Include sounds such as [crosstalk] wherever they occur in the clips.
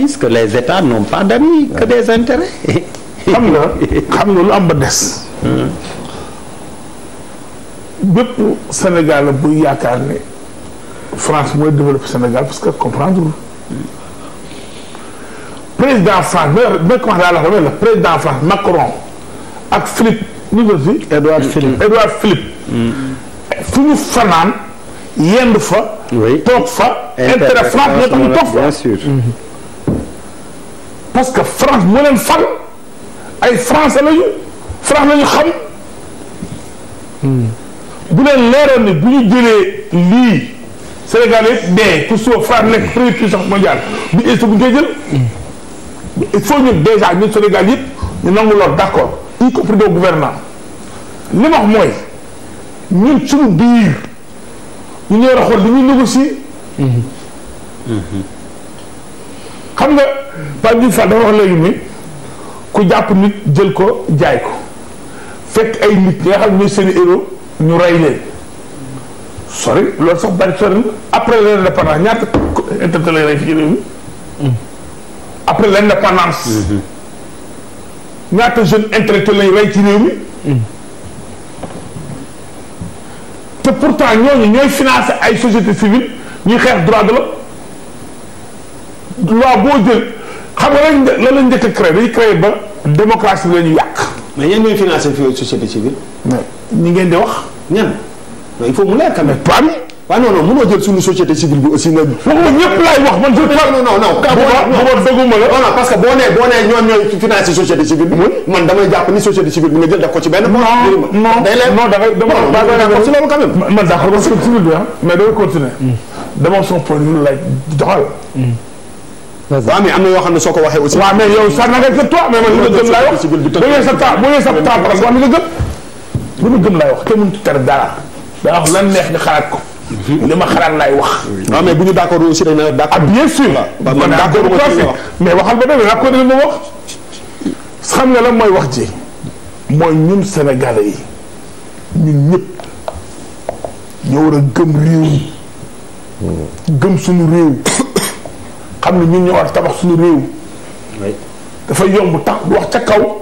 puisque les états n'ont pas d'amis que des intérêts xam nga xam nga lu am ba des yaakaar ne France mooy développer Sénégal parce que comprendre président France Macron ak Philippe Université Édouard mm-hmm. Philippe Édouard Philippe mm-hmm. fu ñu fanaan yend fa toog fa intérêt France nekk ñu parce que France moo leen fal ay français lañu France lañu xam hmm. bu leen leeroon ni bu ñu jëlee lii Sénégal yëpp dee pour suba France nekk première mondiale bi est bu ñu koy hmm. faut ñu déjà ñun Sénégal yëpp ñu nangu lool d'accord y compris nos gouvernants li mooy ñun suñu biir ñu ñëw xool li ñuy négocier hmm. xam nga Pape Diouf Fall dafa wax léegi mi ku jàpp nit jël ko jaay ko fekk ay nit ñi nga xam ne seen héros ñu rey leen sori loolu sax bari sori na après l'indépendance ñaata intellectuel lay rey fii lañ rey ci réew mi te pourtant ñooñu ñooy financé ay société civile ñuy xeex droit de l'homme loi boo jël xam nga lañ la lañ njëkk a créé dañuy créé ba démocratie la ñu yàq. mais ñenn ñooy financé fi société civile. ñi ngeen di wax. ñan il faut mu leer quand même. PAM. waaw non non mënoo jël suñu société civile bi aussi nga. foofu ñëpp laay wax man. non non non. kaa booba dëgguma la. non non parce que boo nee boo nee ñoom ñooy financé société civile bi. man damay jàpp ni société civile bi nga jël def ko ci benn. non non day leer non dafay dama. d'accord ci loolu quand même. man d'accord parce que civil bi ah. mais dafay continuer. Hmm. dama son point de vue lay doxal. Hmm. waaw mais am na yoo xam ne soo ko waxee aussi. waaw mais yow sax na nga gëm toi mais man li ma wax bu dee sa temps wax li nga gëm. li ma wax te mënut a tere dara lan neex ni xalaat ko. li ma xalaat laay wax. waaw ah, mais bu ñu d' si aussi dañu naan d' accord. ah bien sûr. waaw man d' mais waxal ba demee d' accord li xam nga lan mooy wax ji. mooy ñun Sénégalais yi ñun ñëpp ñoo war gëm réew gëm suñu réew. xam ne ñun ñoo war tabax suñu réew. dafa yomb tax wax ca kaw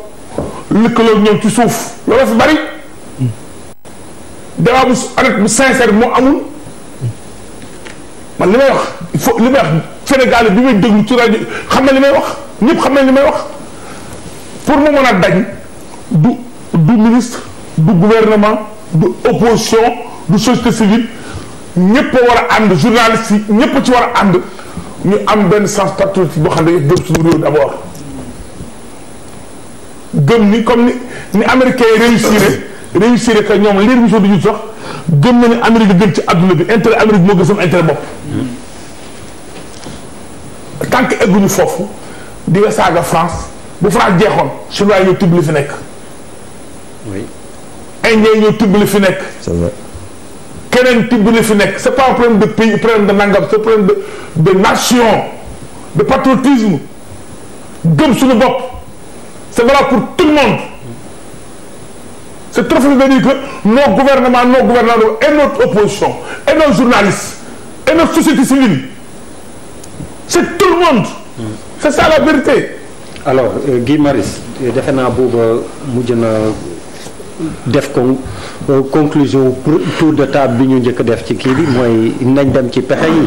lëkkaloo ñëw ci suuf loolu fi bari. débat bu honnête bu sincère moo amul. man li may wax il faut li may wax Sénégal bi may déglu ci rajo xam na li may wax ñëpp xam na li may wax pour mu mën a dañ du du ministre du gouvernement du opposition du société civile ñëpp a war a ànd journaliste yi ñëpp ci war a ànd. ñu am benn sens patriotique boo xam ne gëm suñu réew d'abord ni comme ni ni américains yi réussir réussir ñoom liir mission du ñu sax gëm na ni Amérique gën ci adduna bi intérêt Amérique moo gën sama intérêt bopp tant que egguñu foofu di nga saaga France bu France jeexoon chinois ñoo tibb li nekk. oui indien ñoo tibb li fi nekk. c'est keneen tibb li fi nekk c'est pas un problème de pays problème de nangam c'est problème de de nation de patriotisme gëm suñu bopp c'est valable pour tout le monde c'est trop facile de dire que nos gouvernements nos gouvernants et notre opposition et nos journalistes et notre société civile c'est tout le monde c'est ça la euh, Guy Marius defe naa booba mujj na def ko conclusion pour tour de table bi ñu njëkk def ci kii bi mooy nañ dem ci pexe yi.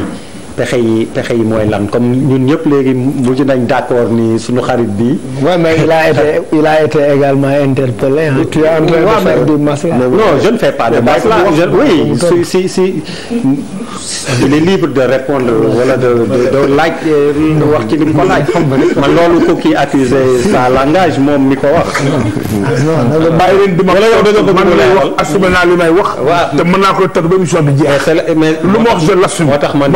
pexe yi pexe yi mooy lan comme ñun ñëpp léegi mujj nañ d'accord ni suñu xarit bi. waaw mais a [laughs] été a été également interpellé. tu je ne fais pas de masla. oui si si si il euh, wax ci li mu ko laaj. man sa langage moom mi ko wax. Ah, non non bàyyi ma. wala da nga ko mën a wax assumé naa naa ko tënk ba émission jeex. ma wax je l'assume. moo tax man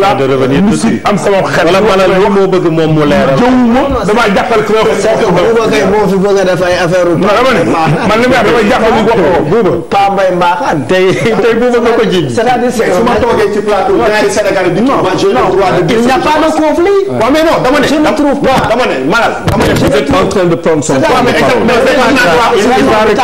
la musu am sama xel. wala wala li ma bëgg moom mu leeral. jëwuma damaa jàppale sama xel. c'est que buuba kay moo fi bëgg a def ay affaire. non dama ne man li ma wax damay jàppale ñu wax ko [laughs] buuba. Paa Mbaye Mbaxaan. tey tey buuba nga ko ji. c'est-à-dire su ma toogee ci plateau. ñaari Sénégal bi. non non j'ai le droit de. il n'y a pas de conflit. waaw mais non dama ne. je ne trouve pas dama ne malal. dama ne vous êtes en train de prendre son temps de parole.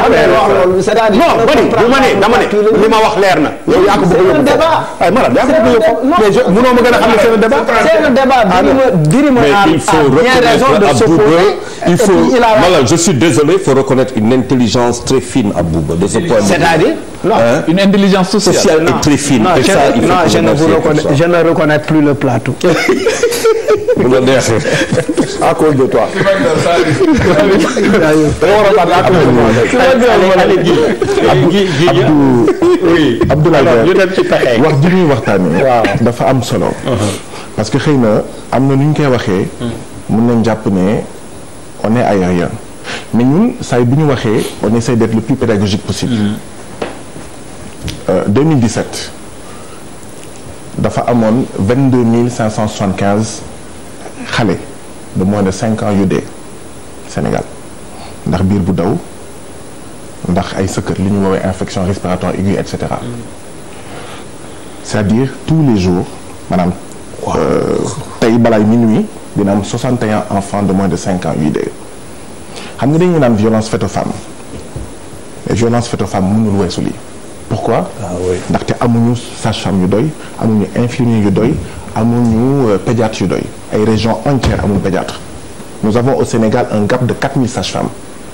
c'est-à-dire non bu ma ne dama ne li ma wax leer na. yow yaa ko bëgg a yóbbu ko ay malal yaa ko bëgg a yóbbu ko mënoo ma gën a xam ne c'est un débat. c'est un débat Birima ah Birima il faut reconnaître à Bouba il faut voilà je suis désolé il faut reconnaître une intelligence très fine à Bouba de ce point de vue. c'est-à-dire Non, une intelligence sociale, sociale non, est très fine. Non, je, ça, il non je, ne vous reconnais, je ne reconnais plus le plateau. à cause de toi. Abdou Abdoulaye wax ji ñuy waxtaanee. waaw dafa am solo. parce que xëy na am na nu ñu koy waxee. mën nañ jàpp ne on est aérien mais ñun saa bu ñu waxee on essaie d'être le plus pédagogique possible. 2017 euh, dafa amoon 22 575 xale de moins de 5 ans yu dee Sénégal ndax biir bu daw ndax ay sëkkër li ñu woowee infection respiratoire aiguë et cetera mm. c'est-à-dire tous les jours maanaam euh, tey balaay minuit dina am 61 enfants de moins de 5 ans yuy xam nga dañu naan violence faite aux femmes mais violence faite aux femmes mënul weesu lii pourquoi ah ndaxte amuñu sage yu doy amuñu infirmier yu doy amuñu euh, pédiatre yu doy ay région entières amuñu pédiatre nous avons au Sénégal un gap de 4000 sages-femmes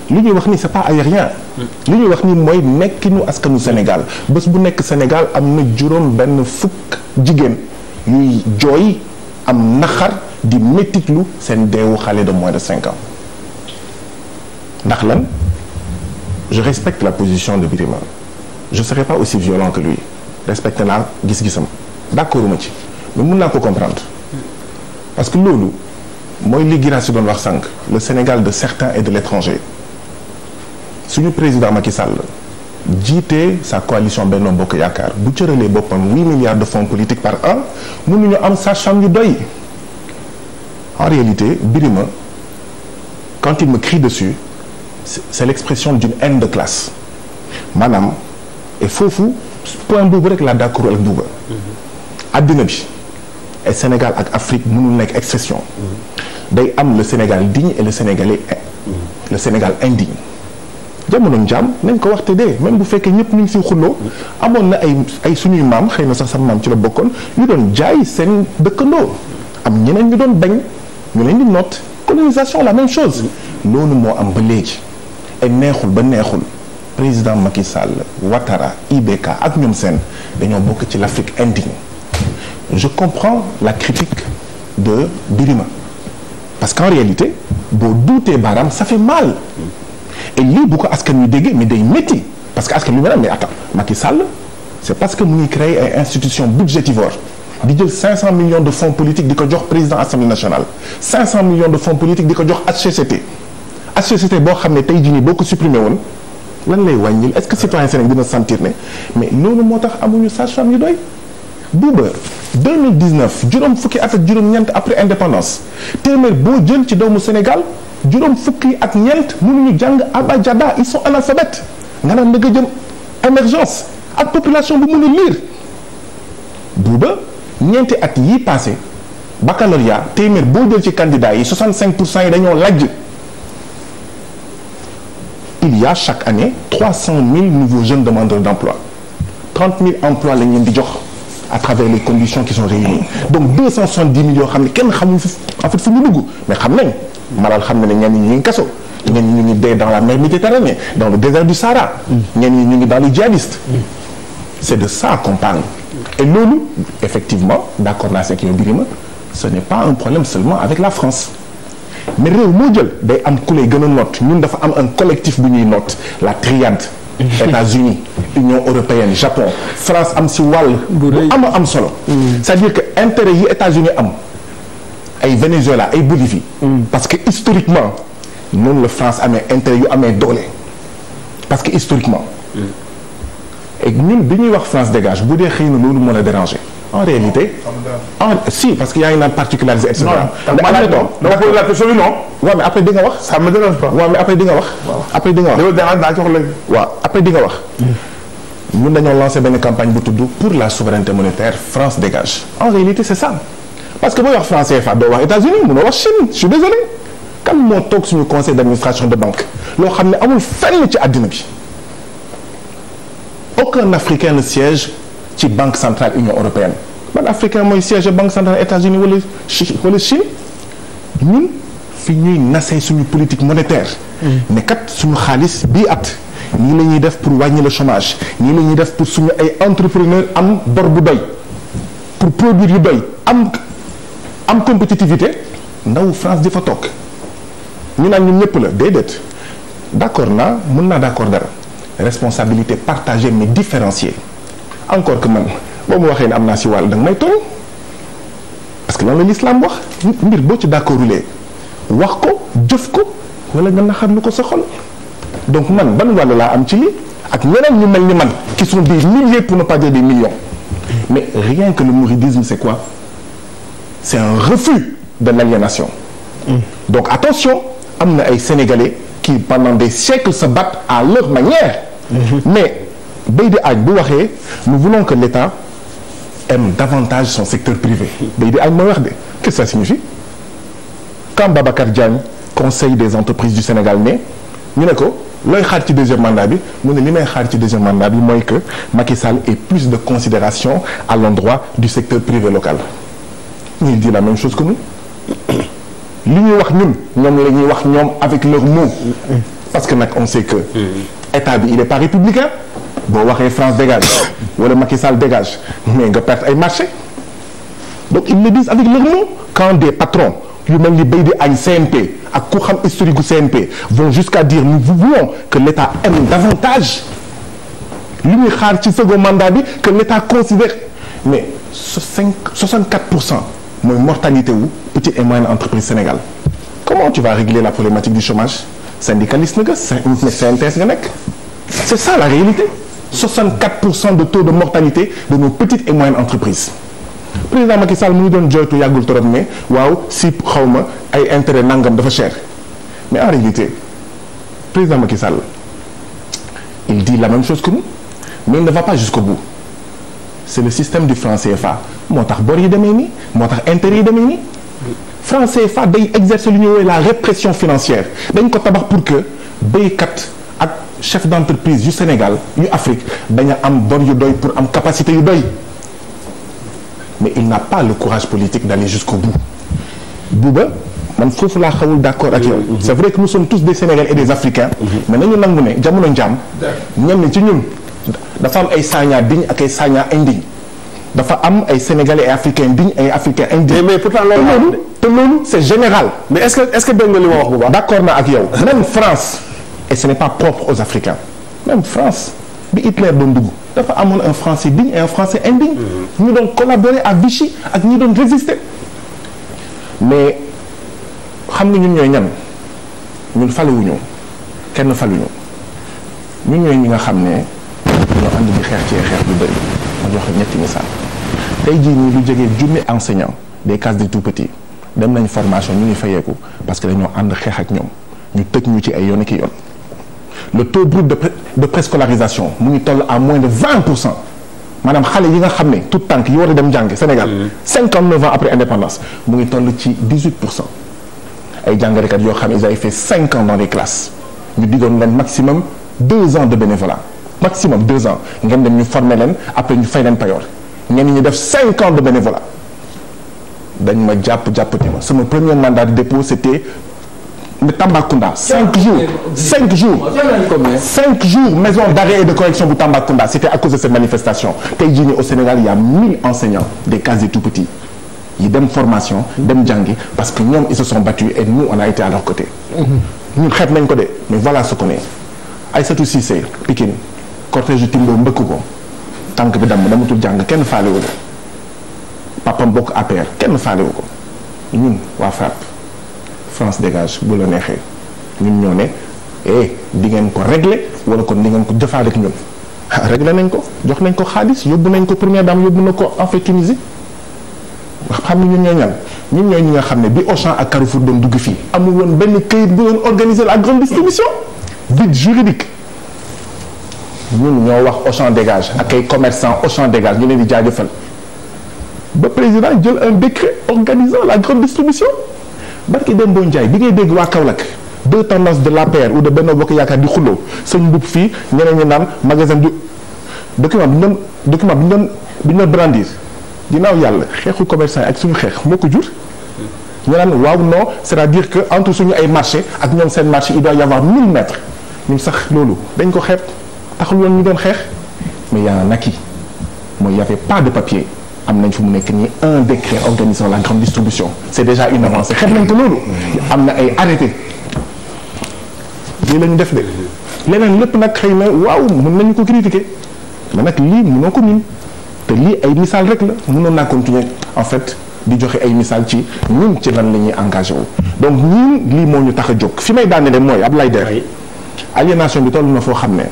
li ñuy wax ni c'est pas aérien li ñuy wax ni mooy nekkinu askanu Sénégal bés bu nekk Sénégal am na juróom benn fukk jigéen yuy jooy am naxar di métitlu seen deewu xale de moins de cinq ans ndax lan je respecte la position de Birima je serai pas aussi violent que lui respecté naa gis-gisam ma ci mais mun naa ko comprendre parce que loolu mooy li Guirassy si doon wax sànq le Sénégal de certains et de l'étranger suñu président Macky Sall jiite sa coalition Benno Bokk Yaakaar bu cëralee boppam huit milliards de fonds politiques par an ñu am sage-femme yu doy en réalité Birima quand il me crie dessus c'est l'expression d'une haine de classe maanaam et foofu point boobu rek la d'accord ak Bouba mhm. addina bi et Sénégal ak Afrique mënul nekk exception mhm. day am le Sénégal digne et le Sénégalais mhm. le Sénégal indigne jamono jaam nañ ko waxte de même bu fekkee ñëpp ñu ngi si xulloo amoon na ay ay suñuy maam xëy na sax sama maam ci la bokkoon ñu doon jaay seen dëkkandoo am ñeneen ñu doon bañ ñu leen nott noot colonisation la même chose loolu moo am ba léegi et neexul ba neexul président Macky Sall Ouattara IBK ak ñoom seen dañoo bokk ci l'Afrique indigne je comprends la critique de Birima parce qu'en réalité boo duutee baaraam ça fait mal et lii bu ko askan wi déggee mais day métti parce que askan wi ma ne mais attends Macky Sall c'est parce que mu ngi créer ay institution budgétivore di jël 500 millions de fonds politiques di ko jox président assemblée national 500 millions de fonds politiques di ko jox HCCT HCCT boo xam ne tey jii nii boo woon lan lay wàññil est-ce que citoyen sénégalais dina sentir ne mais loolu moo tax amuñu sage-femme yu doy buuba 2019 juróom fukki at ak juróom-ñeent après indépendance téeméer boo jël ci doomu Sénégal juróom fukki ak ñeent mënuñu jàng abajada ils sont analphabètes nga naan da nga jëm émergence ak population bu mën a lire buuba ñeenti at yii passé baccalauréat téeméer boo jël ci candidat yi 65 pour cent yi dañoo lajj il chaque année 300 000 nouveaux jeunes demandeurs d'emploi 30 000 emplois la ñu leen jox à travers les conditions qui sont réunies donc 270 000 yoo xam ne kenn xamul fi en fait fu ñu dugg mais xam nañ malal xam na ne ñenn ñi ñu ngi kaso ñenn ñi ñu ngi dee dans la mer Méditerranée dans le désert du Sahara ñenn ñi ñu ngi dans les djihadistes c'est de ça qu'on parle et loolu effectivement d'accord naa seeg yow Birima ce n'est pas un problème seulement avec la France mais réew moo jël day am ku lay gën a noot ñun dafa am un collectif bu ñuy noot la triade [laughs] États-Unis Union européenne Japon France am si wàll bu ama am solo mm. c'est-à-dire que intérêt yi États-Unis am ay Venezuela ay Bolivie mm. parce que historiquement noonu la France amee intérêt yu amee doole parce que historiquement mm. et ñun bu ñuy wax France dégage bu dee xëy na loolu moo la déranger en réalité. en si parce que yaa ngi naan particularisé et cetera. non non la question bi non. waaw après di wax. waaw après di wax. après di wax. waaw après di nga wax. Hmm. benn campagne bu tudd pour la souveraineté monétaire France dégage. en réalité c'est ça parce que booy wax France CFA doo wax États-Unis mënoo wax Chine je désolé. kan moo toog suñu conseil d'administration de banque loo xam ne amul fenn ci àddina bi aucun Africain ne siège. ci banque centrale union européenne ban africain mooy siège banque centrale États-Unis wala wala Chine ñun fi ñuy nasee suñu politique monétaire mm. ne kat suñu xaalis bii at ñii la ñuy def pour wàññi le chômage ñii la ñuy def pour suñu ay entrepreneur am bor bu doy pour produire yu doy am am compétitivité ndaw France di fa toog ñu naan ñun ñëpp la déedéet d'accord naa mën naa d'accord dara responsabilité partagée mais différenciée encore que man boo mu waxee ne am naa si wàll da nga may tooñ parce que loolu la lislaam wax mbir boo ci d'accordulee wax ko jëf ko wala nga naxar lu ko sa xol donc man ban wàll laa am ci lii ak ñeneen ñu mel ni man qui sont des milliers pour ne pas dire des millions mais rien que le mouridisme c'est quoi c'est un refus de l'aliénation mm. donc attention am na ay sénégalais qui pendant des siècles se battent à leur manière mm-hmm. Beydi Agne bu waxee nous voulons que l'État aime davantage son secteur privé Beydi Agne mooy de qu'est-ce que ça signifie quand Babacar Diagne conseil des entreprises du Sénégal ne ñu ne ko looy xaar ci deuxième mandat bi mu ne li xaar ci deuxième mandat bi mooy que Macky Sall ait plus de considération à l'endroit du secteur privé local ñu di la même chose que nous li ñuy wax ñun ñoom la ñuy wax ñoom avec leurs mots parce que nag on que mm-hmm. état bi il est pas républicain boo waxee France dégage wala Macky Sall dégage mais nga perte ay marché donc ils le disent avec leur mot quand des patrons yu mel ni béy di CNP ak ku xam historique gu CNP vont jusqu'à dire nous voulons que l'État aime davantage li ñuy xaar ci second mandat bi que l'État considère mais pour cent mooy mortalité wu petite et moyenne entreprise Sénégal comment tu vas régler la problématique du chômage syndicaliste nga CNTS nga nekk c'est ça la réalité 64 pour cent de taux de mortalité de nos petites et moyennes entreprises président Macky Sall mu ngi doon joytu yàggul torop ne waaw si xaw ma ay intérêt nangam dafa cher mais en réalité président Macky Sall il dit la même chose que nous mais il ne va pas jusqu'au bout c'est le système du franc CFA moo tax bor yi demee nii moo tax intérêt yi demee nii franc CFA day exercer lu ñuy woowee la répression financière dañ ko tabax pour que béykat chef d'entreprise yu Sénégal yu Afrique dañu am bor yu doy pour am capacité yu doy mais il n'a pas le courage politique d'aller jusqu'au bu ba man foofu laa xawul d'accord ak yow mm-hmm. c'est vrai que nous sommes tous des Sénégalais et des Africains mm-hmm. mais nañu nangu ne jamono njaam ñenn ci ñun dafa am ay saañaa digne ak ay saañaa indigne dafa am ay sénégalais et africains dignes ay africains indignes. mais pourtant loolu te loolu c'est général. mais est-ce que est-ce que [laughs] et ce ne pas propre aux Africains même France bi Hitler doon dugg dafa amoon un français digne et un français indigne mhm. ñu doon collaborer ak Vichy ak ñi doon résister mais xam nga ñu ñooy ñan ñun faluwuñu kenn faluñu ñun ñooy ñi nga xam ne ñoo ànd di xeex ci xeex bu bëri ma jox la ñetti misaal tey jii nii lu jege junni enseignant des cases des tout petits dem nañu formation ñu ngi fayeeku parce que dañoo ànd xeex ak ñoom ñu tëj ñu ci ay yoon ki yoon le taux brut de de préscolarisation mu ngi toll à moins de 20 pour cent maanaam xale yi nga xam ne tout tànk yi war dem jàng Sénégal. 59 mm-hmm. ans après indépendance mu ngi toll ci 18 pour cent ay jàngalekat yoo xam ne ils avaient fait 5 ans dans les classes ñu diggoon leen maximum 2 ans de bénévolat maximum 2 ans ngeen dem ñu former leen après ñu fay leen payoor ñenn ñu def 5 ans de bénévolat dañ ma jàpp su ma sama premier mandat de dépôt c'était de Tambacounda cinq jours cinq jours cinq jours maison d'arrêt et de correction bu Tambacounda c'était à cause de cette manifestation tey jii au Sénégal il a mille enseignants des casiers tout petits yi dem formation dem jàngi parce que ñoom ils se sont battus et nous on a été à leur côté ñun xeeb nañ ko de mais voilà ce qu'on est Aïssatou Cissé Pikine cortège Timbo mbëkk ko tànk bi damm damatul jàng kenn faalewu ko papam bokk APR kenn faalewu ko ñun France dégage bu la neexee ñun ñoo ne eh di ngeen ko régler wala kon di ngeen ko jëfaaleeg ñun ah, régler nañ ko jox nañ ko xaalis yóbbu nañ ko première dame yóbbu na ko en fait xam ne ñun ñooy ñan ñun ñooy ñi nga xam ne bi Auchan ak Carrefour doon dugg fii amul woon benn këyit bu doon organiser la grande distribution vide juridique ñun wax Auchan dégage ak ay commerçant Auchan dégage ñu leen di jaajëfal ba président jël un décret organisant la grande distribution barki boo Ndiaye bi ngay dégg waa Kaolack deux tendances de l'APR ou de Benno Bokk Yaakaar di xuloo sëñ Mboup fii ñeneen ñi naan magasin du document bi ñu doon document bi ñu doon bi ñu doon brandir yàlla xeexu commerçant yi ak suñu xeex moo ko jur. ñu naan waaw non c'est-à-dire que entre suñu ay marché ak ñoom seen marché il doit y avoir 1000 mètres ñun sax loolu dañ ko xeeb taxul woon ñu doon xeex mais y a yi mooy y avait pas de papier. am nañ fi mu nekk nii un décret organisant la grande distribution c'est déjà une avancée xeet nañ ko loolu am na ay arrêté lii la def de leneen lépp nag xëy na waaw mën nañu ko critiquer mais nag lii mënoo ko miin te lii ay misaal rek la mënoon naa continuer en fait di joxe ay misaal ci ñun ci lan la ñuy engagé wu donc ñun lii moo ñu tax a jóg fi may daanele mooy ab lay Der aliénation bi toll na foo xam ne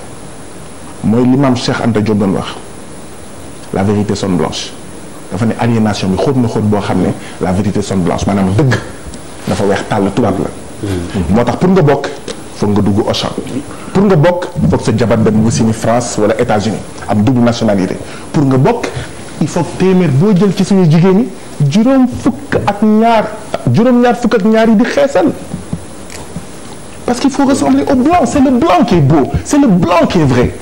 mooy li maam Cheikh Anta Diop doon wax la vérité sonne blanche dafa ne aliénation bi xóot na xóot boo xam ne la vérité sonne blanche maanaam dëgg dafa weex tàll tubaab la. Hmm. moo tax pour nga bokk foog nga dugg Auchan pour nga bokk foog sa jabar dem wu si ni France wala États-Unis am double nationalité pour nga bokk il faut téeméer boo jël ci suñu jigéen ñi juróom fukk ak ñaar juróom-ñaar fukk ak ñaar yi di xeesal. parce qu'il faut ressembler au blanc c'est le blanc qui vrai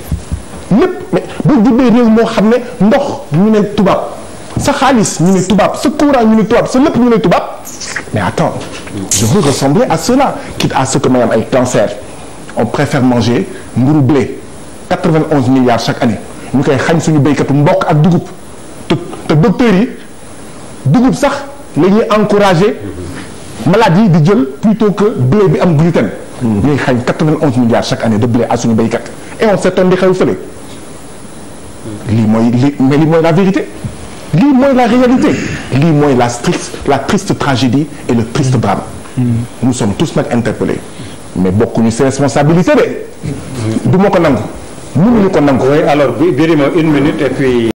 lépp mais bu jubee réew moo xam ne ndox ñu ne tubaab. sa xaalis ñu ne tubaab sa courant ñu ne tubaab sa lépp ñu ne tubaab mais attends je veux ressembler à cela quitte à ce que may am ay cancer on préfère manger mburu blé 91 milliards chaque année ñu koy xañ suñu béykatu mbokk ak dugub te te yi dugub sax la ñuy encourager malade yi di jël plutôt que blé bi am gluten ñuy xañ 91 milliards chaque année de blé à suñu béykat et on s'étonne di xew fële lii mooy li mais lii la vérité lii mooy la réalité lii mooy la triste la triste tragédie et le triste drame mm. nous sommes tous nag interpellés mais bokkuñu ses responsabilités de mm. du ma ko nangu mënuñu ko nangu oui alors Birima une minute et puis